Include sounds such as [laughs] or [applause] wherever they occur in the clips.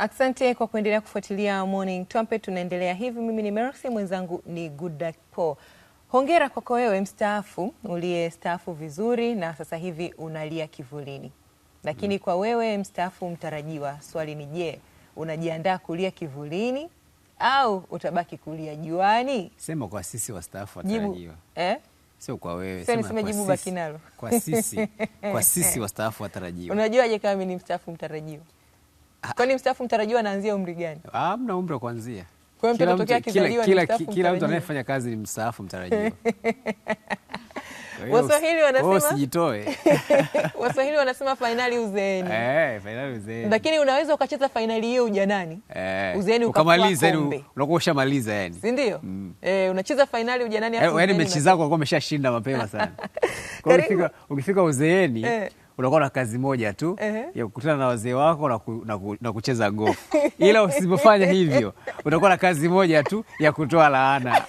Asante kwa kuendelea kufuatilia Morning Tompe. tunaendelea hivi. Mimi ni Mercy, mwenzangu ni Goodluck. Hongera kwako wewe mstaafu staafu vizuri na sasa hivi unalia kivulini, lakini mm. kwa wewe mstaafu mtarajiwa, swali ni je, unajiandaa kulia kivulini au utabaki kulia juani? Sema kwa sisi wastaafu watarajiwa eh? Sio kwa wewe, sema niseme jibu baki nalo kwa sisi, kwa [laughs] sisi wastaafu watarajiwa. Unajuaje kama mimi ni mstaafu mtarajiwa? Kwani mstaafu mtarajiwa anaanzia umri gani? Hamna ah, umri wa kuanzia. Kwa hiyo mtoto tokea kizaliwa ni mstaafu. Kila mtu anayefanya kazi ni mstaafu mtarajiwa. [laughs] Oh, [laughs] Waswahili wanasema sijitoe. Waswahili wanasema fainali uzeeni. Eh, fainali uzeeni. Lakini unaweza ukacheza fainali hiyo ujanani. Eh. Uzeeni ukamaliza yani unakuwa ushamaliza yani. Si ndio? Mm. Eh, unacheza fainali ujanani hapo. Eh, yaani mechi zako ulikuwa umeshashinda mapema sana. [laughs] Kwa hiyo ukifika uzeeni eh unakuwa na kazi moja tu ya kukutana na wazee wako na, ku, na, ku, na kucheza gofu, [laughs] ila usipofanya hivyo utakuwa na kazi moja tu ya kutoa laana.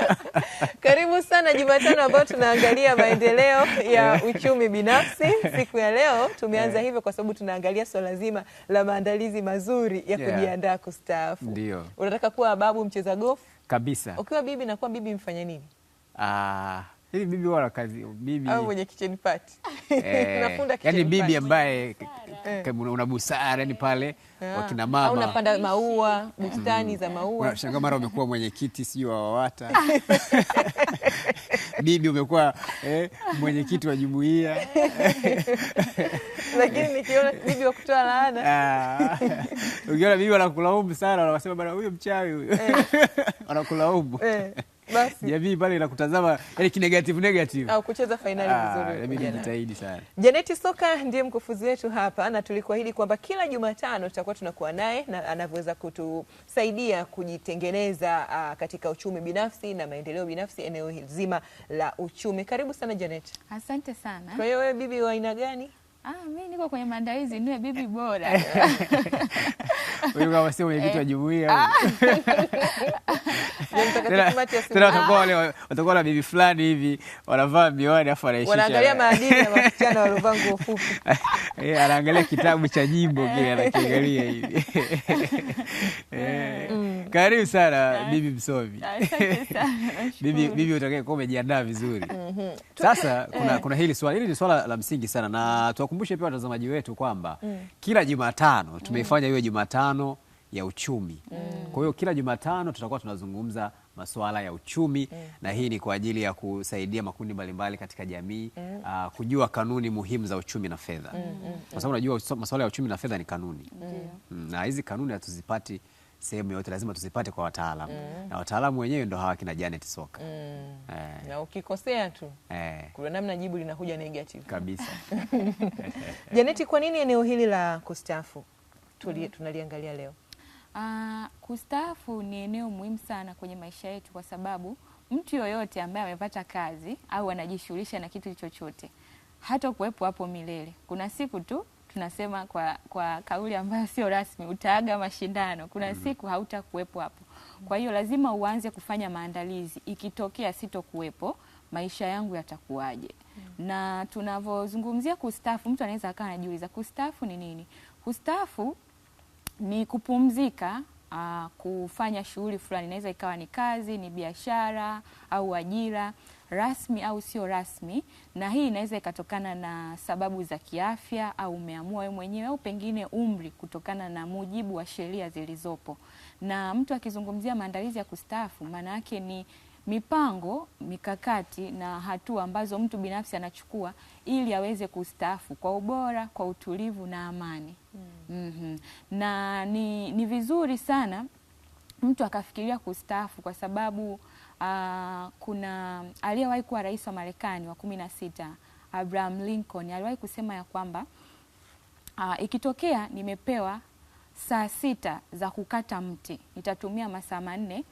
[laughs] Karibu sana Jumatano ambayo tunaangalia maendeleo ya eh. uchumi binafsi. Siku ya leo tumeanza eh. hivyo kwa sababu tunaangalia swala zima la maandalizi mazuri ya kujiandaa kustaafu. Ndio unataka kuwa babu mcheza gofu kabisa, ukiwa bibi nakuwa bibi mfanya nini? Ah. Yaani hivi bibi wala kazi bibi au mwenye kitchen party. [laughs] Eh, unafunda yaani kitchen yani bibi ambaye eh. una busara yani pale ah. wakina mama. Au unapanda maua, bustani mm. za maua. Unashangaa mara umekuwa mwenyekiti sio wa wata [laughs] [laughs] Bibi umekuwa eh, mwenyekiti wa jumuiya. Lakini nikiona bibi wa kutoa laana. Ah. Ukiona bibi wanakulaumu sana, wanasema bwana huyu mchawi huyu. Eh. Wanakulaumu jamii pale inakutazama, yani kinegative negative, au kucheza finali ah, vizuri. Inabidi jitahidi sana. Janeti Soka ndiye mkufuzi wetu hapa, na tulikuahidi kwamba kila Jumatano tutakuwa tunakuwa naye na anavyoweza kutusaidia kujitengeneza uh, katika uchumi binafsi na maendeleo binafsi, eneo zima la uchumi. Karibu sana Janeti. Asante sana. Kwa hiyo wewe bibi wa aina gani? Ah, mi niko kwenye maandalizi niwe bibi [laughs] bora. Wewe kama sio mwenyekiti wa eh. jumuiya. Ah. [laughs] Tena watakuwa ah. wale na bibi fulani hivi wanavaa miwani afu anaishisha. Wanaangalia maadili ya [laughs] wasichana waliovaa nguo fupi. Eh, anaangalia kitabu cha jimbo kile anakiangalia hivi. Eh. Mm. Karibu sana bibi Msomi. Bibi bibi, kwa umejiandaa vizuri. Mhm. Sasa kuna, eh. kuna hili swali hili ni swala la msingi sana, na tuwakumbushe pia watazamaji wetu kwamba mm. kila Jumatano mm. tumeifanya hiyo Jumatano ya uchumi mm. kwa hiyo kila Jumatano tutakuwa tunazungumza masuala ya uchumi mm. na hii ni kwa ajili ya kusaidia makundi mbalimbali katika jamii mm. uh, kujua kanuni muhimu za uchumi na fedha mm. mm kwa sababu unajua masuala ya uchumi na fedha ni kanuni mm. na hizi kanuni hatuzipati sehemu yote lazima tuzipate kwa wataalamu mm. na wataalamu wenyewe ndo hawa kina Janet Soka mm. eh. na ukikosea tu eh. kuna namna jibu linakuja negative kabisa. [laughs] Janet, kwa nini eneo hili la kustaafu mm. tunaliangalia leo? Uh, kustaafu ni eneo muhimu sana kwenye maisha yetu kwa sababu mtu yoyote ambaye amepata kazi au anajishughulisha na kitu chochote hata kuwepo hapo milele, kuna siku tu tunasema kwa, kwa kauli ambayo sio rasmi, utaaga mashindano. Kuna mm. siku hautakuwepo hapo, kwa hiyo lazima uanze kufanya maandalizi. Ikitokea sitokuwepo, maisha yangu yatakuwaje? mm. na tunavyozungumzia kustaafu, mtu anaweza akawa anajiuliza kustaafu ni nini? Kustaafu ni kupumzika Uh, kufanya shughuli fulani, inaweza ikawa ni kazi, ni biashara au ajira, rasmi au sio rasmi, na hii inaweza ikatokana na sababu za kiafya au umeamua wewe mwenyewe au pengine umri, kutokana na mujibu wa sheria zilizopo. Na mtu akizungumzia maandalizi ya kustaafu, maana yake ni mipango mikakati na hatua ambazo mtu binafsi anachukua ili aweze kustaafu kwa ubora, kwa utulivu na amani. Mm. Mm -hmm. Mhm. Na ni, ni vizuri sana mtu akafikiria kustaafu kwa sababu uh, kuna aliyewahi kuwa rais wa Marekani wa kumi na sita Abraham Lincoln aliwahi kusema ya kwamba uh, ikitokea nimepewa saa sita za kukata mti nitatumia masaa manne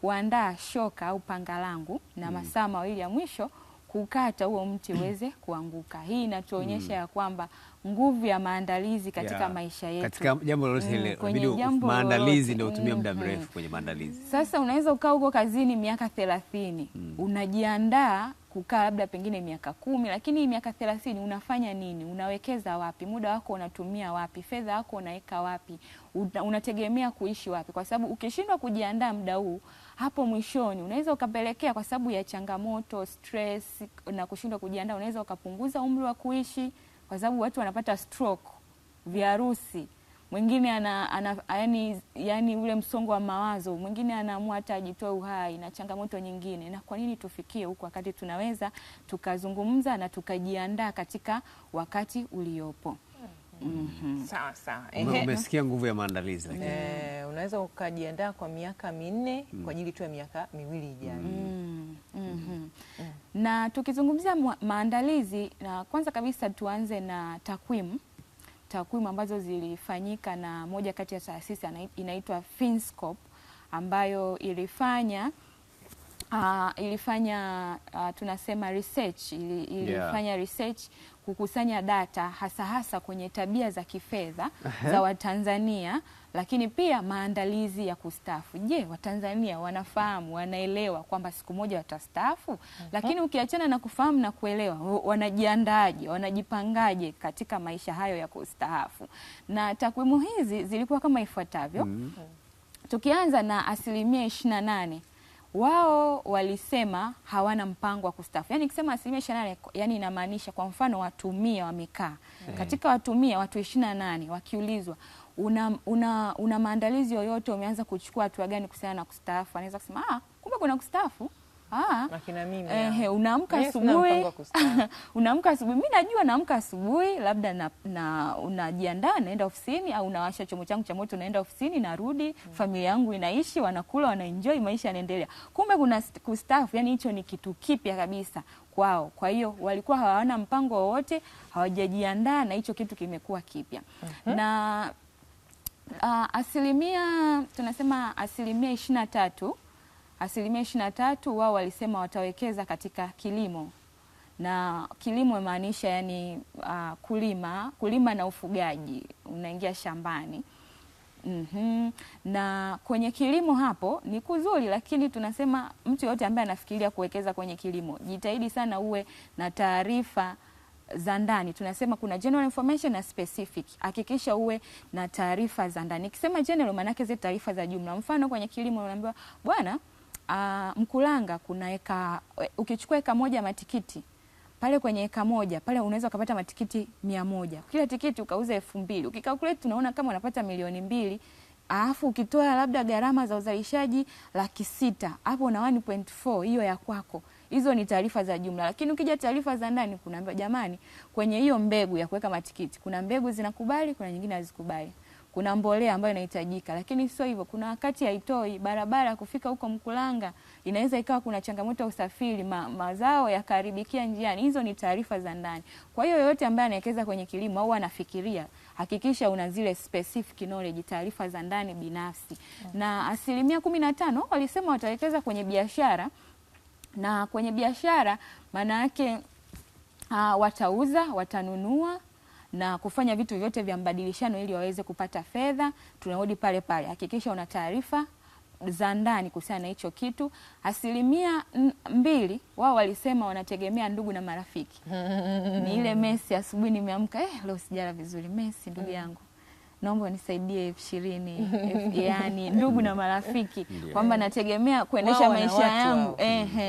kuandaa shoka au panga langu na hmm. masaa mawili ya mwisho kukata huo mti mm. uweze kuanguka. Hii inatuonyesha mm. ya kwamba nguvu ya maandalizi katika yeah, maisha yetu katika jambo lolote hili, mm, maandalizi ndio utumia muda mrefu kwenye maandalizi. Sasa unaweza ukaa huko kazini miaka thelathini mm, unajiandaa kukaa labda pengine miaka kumi, lakini miaka thelathini unafanya nini? Unawekeza wapi? Muda wako unatumia wapi? Fedha yako unaweka wapi? Unategemea kuishi wapi? Kwa sababu ukishindwa kujiandaa muda huu, hapo mwishoni unaweza ukapelekea, kwa sababu ya changamoto, stress na kushindwa kujiandaa, unaweza ukapunguza umri wa kuishi, kwa sababu watu wanapata stroke, viharusi mwingine ana, ana, yani, yani ule msongo wa mawazo, mwingine anaamua hata ajitoe uhai na changamoto nyingine. Na kwa nini tufikie huku wakati tunaweza tukazungumza na tukajiandaa katika wakati uliopo? Mm -hmm. Sawa sawa. Umesikia nguvu ya maandalizi lakini. Eh, unaweza ukajiandaa kwa miaka minne mm. kwa ajili tu ya miaka miwili ijayo. mm. Mm-hmm. Mm-hmm. mm -hmm. mm -hmm. Na tukizungumzia maandalizi na kwanza kabisa tuanze na takwimu takwimu ambazo zilifanyika na moja kati ya taasisi inaitwa Finscope ambayo ilifanya uh, ilifanya uh, tunasema research ili, ilifanya yeah. research kukusanya data hasa hasa kwenye tabia za kifedha za Watanzania, lakini pia maandalizi ya kustaafu. Je, Watanzania wanafahamu, wanaelewa kwamba siku moja watastaafu? Lakini ukiachana na kufahamu na kuelewa, wanajiandaje wanajipangaje katika maisha hayo ya kustaafu? Na takwimu hizi zilikuwa kama ifuatavyo. mm -hmm. Tukianza na asilimia ishirini na nane wao walisema hawana mpango wa kustaafu. Yani kusema asilimia ishirini na nane yani inamaanisha kwa mfano watu mia wamekaa hmm. katika watu mia watu ishirini na nane wakiulizwa una, una, una maandalizi yoyote, umeanza kuchukua hatua gani kuhusiana na kustaafu, anaweza kusema ah, kumbe kuna kustaafu Ah, [laughs] unaamka asubuhi unaamka asubuhi, mi najua naamka asubuhi, labda na, na unajiandaa naenda ofisini au unawasha chombo changu cha moto, naenda ofisini, narudi mm. familia yangu inaishi, wanakula, wanaenjoy, maisha yanaendelea. Kumbe kuna kustaafu, yani hicho ni kitu kipya kabisa kwao. Kwa hiyo walikuwa hawana mpango wowote, hawajajiandaa na hicho kitu kimekuwa kipya mm -hmm. na uh, asilimia tunasema asilimia ishirini na tatu asilimia ishirini na tatu wao walisema watawekeza katika kilimo na kilimo maanisha yani, uh, kulima kulima na ufugaji, unaingia shambani mm -hmm. Na kwenye kilimo hapo ni kuzuri, lakini tunasema mtu yoyote ambaye anafikiria kuwekeza kwenye kilimo jitahidi sana uwe na taarifa za ndani. Tunasema kuna general information na specific. Hakikisha uwe na taarifa za ndani. Nikisema general, maana yake zile taarifa za jumla. Mfano kwenye kilimo unaambiwa bwana uh, Mkulanga kuna eka, ukichukua eka moja matikiti pale kwenye eka moja pale unaweza ukapata matikiti mia moja kila tikiti ukauza elfu mbili ukikalkulate tunaona kama unapata milioni mbili alafu ukitoa labda gharama za uzalishaji laki sita hapo na 1.4 hiyo ya kwako. Hizo ni taarifa za jumla, lakini ukija taarifa za ndani, kuna jamani, kwenye hiyo mbegu ya kuweka matikiti kuna mbegu zinakubali, kuna nyingine hazikubali kuna mbolea ambayo inahitajika, lakini sio hivyo. Kuna wakati haitoi barabara kufika huko Mkulanga, inaweza ikawa kuna changamoto ya usafiri, ma, mazao yakaharibikia njiani. Hizo ni taarifa za ndani. Kwa hiyo yoyote ambaye anawekeza kwenye kilimo au anafikiria, hakikisha una zile specific knowledge, taarifa za ndani binafsi. Mm. Na asilimia kumi na tano walisema watawekeza kwenye biashara, na kwenye biashara maana yake uh, watauza, watanunua na kufanya vitu vyote vya mbadilishano ili waweze kupata fedha. Tunarudi pale pale, hakikisha una taarifa za ndani kuhusiana na hicho kitu. Asilimia mbili wao walisema wanategemea ndugu na marafiki. [laughs] Ni ile mesi asubuhi nimeamka, eh, leo sijala vizuri, mesi ndugu mm. yangu naomba unisaidie elfu ishirini [laughs] yaani ndugu na marafiki kwamba nategemea kuendesha maisha yangu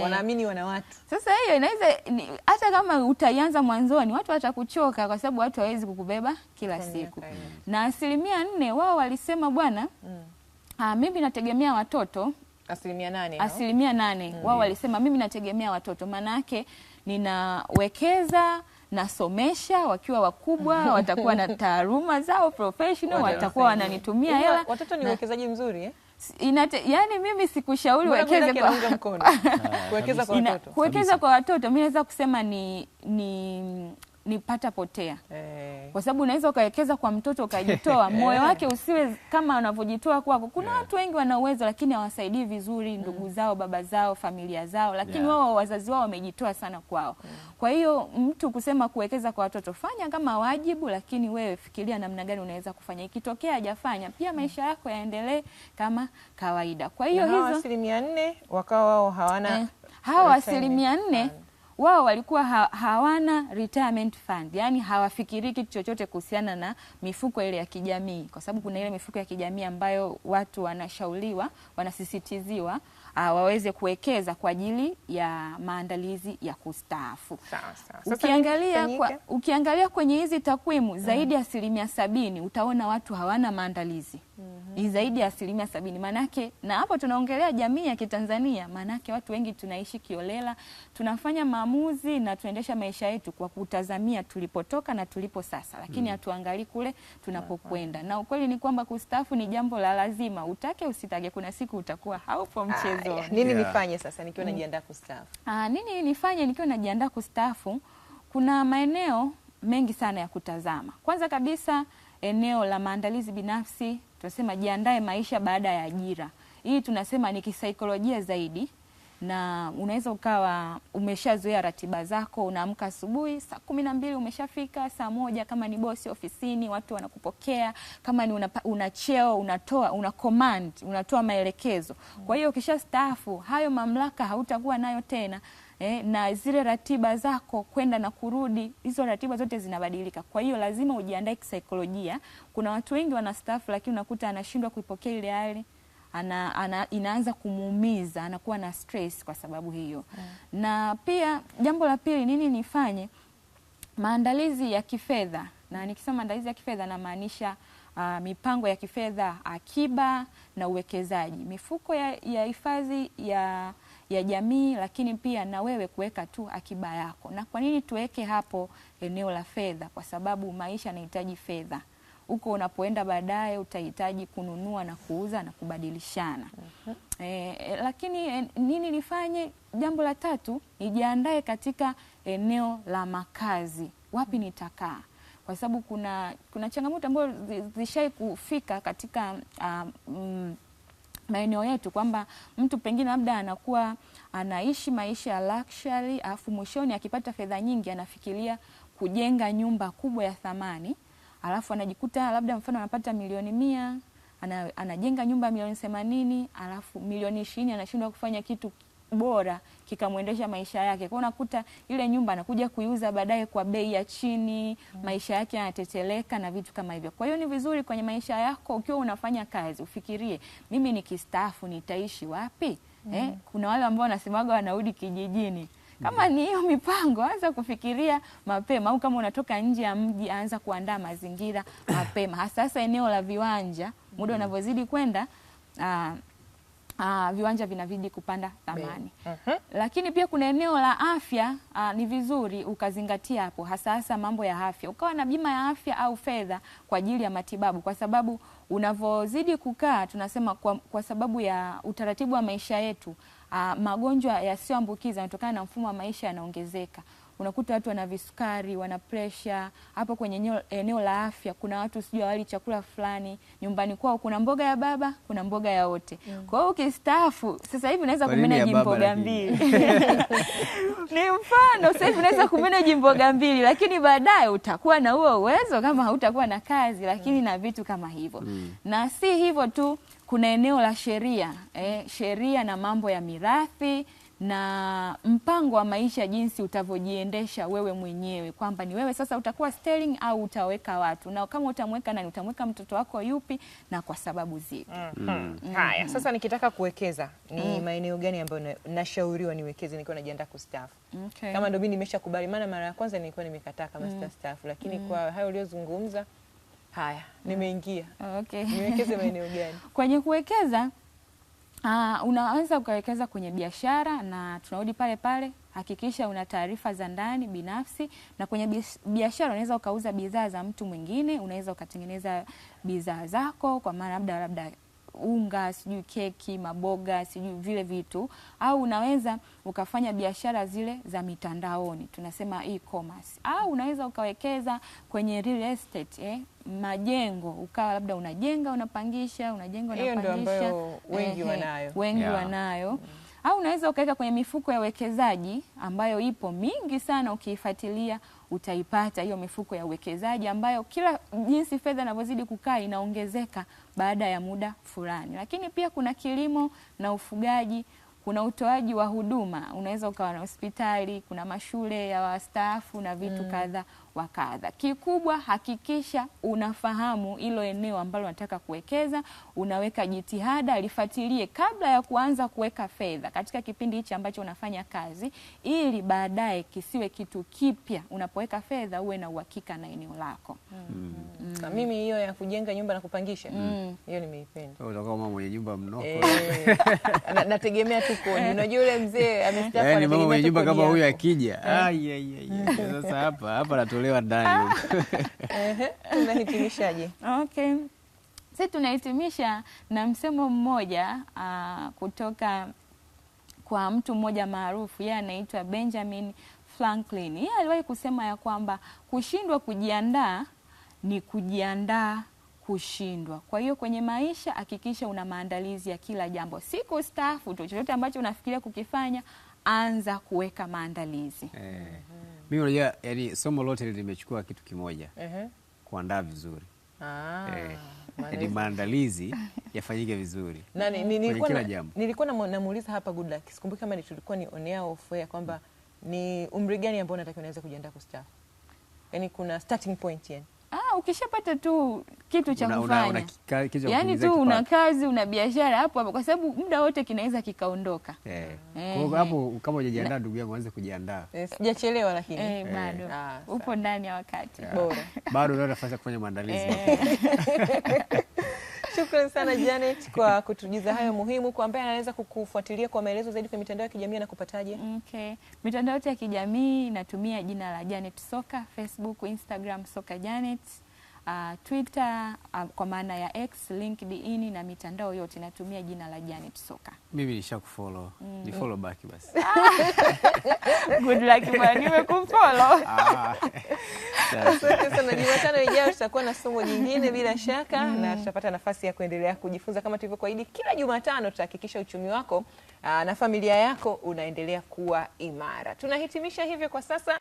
wanaamini wana watu. Sasa hiyo inaweza hata kama utaianza mwanzoni, watu watakuchoka kwa sababu watu hawezi kukubeba kila siku. Na asilimia nne wao walisema bwana, mm. ah, mimi nategemea watoto asilimia nane, asilimia nane mm. wao walisema mimi nategemea watoto, maana yake ninawekeza nasomesha wakiwa wakubwa, [laughs] watakuwa na taaluma zao professional, watakuwa wananitumia hela. Watoto ni uwekezaji mzuri eh? Inate, yani mimi sikushauri wekeze [laughs] kwa watoto, kuwekeza kwa watoto mimi naweza kusema ni, ni pata potea hey. Eh. Kwa sababu unaweza ukawekeza kwa mtoto ukajitoa [laughs] eh. moyo wake usiwe kama unavyojitoa kwako. Kuna yeah. watu wengi wana uwezo lakini hawasaidii vizuri ndugu mm. zao, baba zao, familia zao, lakini wao wazazi wao wamejitoa sana kwao mm. Kwa hiyo mtu kusema kuwekeza kwa watoto, fanya kama wajibu, lakini wewe fikiria namna gani unaweza kufanya. Ikitokea hajafanya pia mm. maisha yako yaendelee kama kawaida. Kwa hiyo hizo asilimia nne wakawa wao hawana eh, hawa asilimia nne wao walikuwa ha hawana retirement fund, yani hawafikiri kitu chochote kuhusiana na mifuko ile ya kijamii, kwa sababu kuna ile mifuko ya kijamii ambayo watu wanashauriwa, wanasisitiziwa Uh, waweze kuwekeza kwa ajili ya maandalizi ya kustaafu. Ukiangalia, ukiangalia kwenye hizi takwimu mm. zaidi ya asilimia sabini utaona watu hawana maandalizi mm -hmm. ni zaidi ya asilimia sabini maanake, na hapo tunaongelea jamii ya Kitanzania, maanake watu wengi tunaishi kiolela, tunafanya maamuzi na tunaendesha maisha yetu kwa kutazamia tulipotoka na tulipo sasa, lakini mm. hatuangalii mm. kule tunapokwenda, na ukweli ni kwamba kustaafu ni jambo la lazima, utake usitake, kuna siku utakuwa haupo ah, mchezo yeah. Nini yeah. nifanye sasa nikiwa mm. najiandaa kustaafu? Ah, nini nifanye nikiwa najiandaa kustaafu? Kuna maeneo mengi sana ya kutazama. Kwanza kabisa eneo la maandalizi binafsi, tunasema jiandae maisha baada ya ajira. Hii tunasema ni kisaikolojia zaidi na unaweza ukawa umeshazoea ratiba zako, unaamka asubuhi saa kumi na mbili umeshafika, saa moja kama ni bosi ofisini, watu wanakupokea, kama ni una, una cheo unatoa una command, unatoa maelekezo. Kwa hiyo ukishastaafu hayo mamlaka hautakuwa nayo tena. Eh, na zile ratiba zako kwenda na kurudi, hizo ratiba zote zinabadilika. Kwa hiyo lazima ujiandae kisaikolojia. Kuna watu wengi wanastaafu, lakini unakuta anashindwa kuipokea ile hali ana, ana, inaanza kumuumiza, anakuwa na stress kwa sababu hiyo mm. Na pia jambo la pili, nini nifanye? Maandalizi ya kifedha, na nikisema maandalizi ya kifedha namaanisha Uh, mipango ya kifedha, akiba na uwekezaji, mifuko ya hifadhi ya, ya, ya jamii, lakini pia na wewe kuweka tu akiba yako. Na kwa nini tuweke hapo eneo la fedha? Kwa sababu maisha yanahitaji fedha huko unapoenda baadaye utahitaji kununua na kuuza na kubadilishana. uh -huh. E, lakini eh, nini nifanye? Jambo la tatu, nijiandae katika eneo la makazi, wapi nitakaa, kwa sababu kuna, kuna changamoto ambayo zishai kufika katika um, maeneo yetu kwamba mtu pengine labda anakuwa anaishi maisha ya luxury, alafu mwishoni akipata fedha nyingi anafikiria kujenga nyumba kubwa ya thamani alafu anajikuta labda mfano anapata milioni mia ana, anajenga nyumba milioni themanini alafu milioni ishirini anashindwa kufanya kitu bora kikamwendesha maisha yake. Kwa unakuta ile nyumba anakuja kuiuza baadaye kwa bei ya chini mm. Maisha yake yanateteleka na vitu kama hivyo. Kwa hiyo ni vizuri kwenye maisha yako ukiwa unafanya kazi ufikirie, mimi nikistaafu nitaishi wapi? Mm. Eh, kuna wale ambao wanasemaga wanarudi kijijini kama ni hiyo mipango, anza kufikiria mapema, au kama unatoka nje ya mji, anza kuandaa mazingira mapema, hasa eneo la viwanja. Muda unavyozidi kwenda, uh, Uh, viwanja vinavidi kupanda thamani uh mhm. -huh. Lakini pia kuna eneo la afya uh, ni vizuri ukazingatia hapo, hasa hasa mambo ya afya, ukawa na bima ya afya au fedha kwa ajili ya matibabu, kwa sababu unavyozidi kukaa tunasema kwa, kwa sababu ya utaratibu wa maisha yetu uh, magonjwa yasiyoambukiza yanatokana na mfumo wa maisha yanaongezeka unakuta watu wana visukari, wana presha. Hapo kwenye eneo la afya kuna watu sijui awali chakula fulani, nyumbani kwao kuna mboga ya baba, kuna mboga ya wote. Mm. Kwa hiyo ukistaafu sasa hivi unaweza kumeneji mboga mbili [laughs] ni mfano, sasa hivi unaweza kumeneji mboga mbili, lakini baadaye utakuwa na huo uwezo kama hautakuwa na kazi, lakini mm. na vitu kama hivyo, mm. na si hivyo tu kuna eneo la sheria eh, sheria na mambo ya mirathi na mpango wa maisha, jinsi utavyojiendesha wewe mwenyewe, kwamba ni wewe sasa utakuwa Sterling au utaweka watu, na kama utamweka nani, utamweka mtoto wako yupi na kwa sababu zipi? Mm-hmm. mm -hmm. mm -hmm. Haya, sasa nikitaka kuwekeza ni mm -hmm. maeneo gani ambayo nashauriwa niwekeze nikiwa najiandaa kustaafu? okay. kama ndio mimi nimeshakubali, maana mara ya kwanza nilikuwa nimekataa kama mm -hmm. sitastaafu, lakini mm -hmm. kwa hayo uliyozungumza Haya, nimeingia. Okay. Niwekeze [laughs] maeneo gani? Kwenye kuwekeza uh, unaweza ukawekeza kwenye biashara na tunarudi pale pale, hakikisha una taarifa za ndani binafsi, na kwenye biashara unaweza ukauza bidhaa za mtu mwingine, unaweza ukatengeneza bidhaa zako kwa maana labda labda unga, sijui keki, maboga, sijui vile vitu, au unaweza ukafanya biashara zile za mitandaoni tunasema e-commerce, au unaweza ukawekeza kwenye real estate eh, majengo ukawa labda unajenga unapangisha, unajenga unapangisha, wengi eh, wanayo, wengi yeah. wanayo au unaweza ukaweka kwenye mifuko ya uwekezaji ambayo ipo mingi sana ukiifuatilia utaipata hiyo mifuko ya uwekezaji ambayo kila jinsi fedha inavyozidi kukaa inaongezeka baada ya muda fulani. Lakini pia kuna kilimo na ufugaji, kuna utoaji wa huduma, unaweza ukawa na hospitali, kuna mashule ya wastaafu na vitu mm. kadhaa wa kadha. Kikubwa hakikisha unafahamu hilo eneo ambalo unataka kuwekeza, unaweka jitihada, lifuatilie kabla ya kuanza kuweka fedha katika kipindi hichi ambacho unafanya kazi, ili baadaye kisiwe kitu kipya. Unapoweka fedha uwe na uhakika na eneo lako. mm -hmm sana. Mimi hiyo ya kujenga nyumba na kupangisha mm. Mm. hiyo nimeipenda. Utakuwa mama mwenye nyumba mnoko. Eh. [laughs] Nategemea tu kodi. Unajua yule mzee amestaafu, yaani mama mwenye nyumba kama huyu akija, eh. [laughs] sasa hapa hapa natolewa ndani. Tunahitimishaje? [laughs] Okay. Sisi tunahitimisha na msemo mmoja uh, kutoka kwa mtu mmoja maarufu, yeye anaitwa Benjamin Franklin. Yeye aliwahi kusema ya kwamba kushindwa kujiandaa ni kujiandaa kushindwa. Kwa hiyo kwenye maisha hakikisha una maandalizi ya kila jambo, Siku kustaafu tu, chochote ambacho unafikiria kukifanya anza kuweka maandalizi. Eh, mimi unajua, yani somo lote limechukua kitu kimoja eh, kuandaa vizuri ah, eh, yani maandalizi yafanyike vizuri na, ni, ni, nilikuwa kila jambo. Nilikuwa namuuliza hapa Good Luck, sikumbuki kama tulikuwa ni onea off air kwamba ni umri gani ambao unatakiwa unaweza kujiandaa kustaafu, yani kuna starting point yani Ah, ukishapata tu kitu cha kufanya yaani tu una kazi una biashara hapo hapo, kwa sababu muda wote kinaweza kikaondoka. Eh. Eh, eh. Hapo kama hujajiandaa, ndugu yangu, anze kujiandaa. Sijachelewa lakini bado ah, upo ndani ya wakati bora, bado una nafasi ya kufanya maandalizi. [laughs] Shukrani sana [laughs] Janet kwa kutujuza hayo muhimu. Kwa ambaye anaweza kukufuatilia kwa maelezo zaidi kwenye mitandao ya kijamii na kupataje? Okay. Mitandao yote ya kijamii inatumia jina la Janet Soka, Facebook, Instagram Soka Janet uh, Twitter uh, kwa maana ya X, LinkedIn na mitandao yote natumia jina la Janet Soka. Mimi nishakufollow. Mm. Ni follow back basi. Ah. [laughs] Good luck bwana, nimekufollow. Ah. Asante sana. Jumatano ijayo tutakuwa na somo jingine bila shaka mm, na tutapata nafasi ya kuendelea kujifunza kama tulivyokuahidi. Kila Jumatano tutahakikisha uchumi wako uh, na familia yako unaendelea kuwa imara. Tunahitimisha hivyo kwa sasa.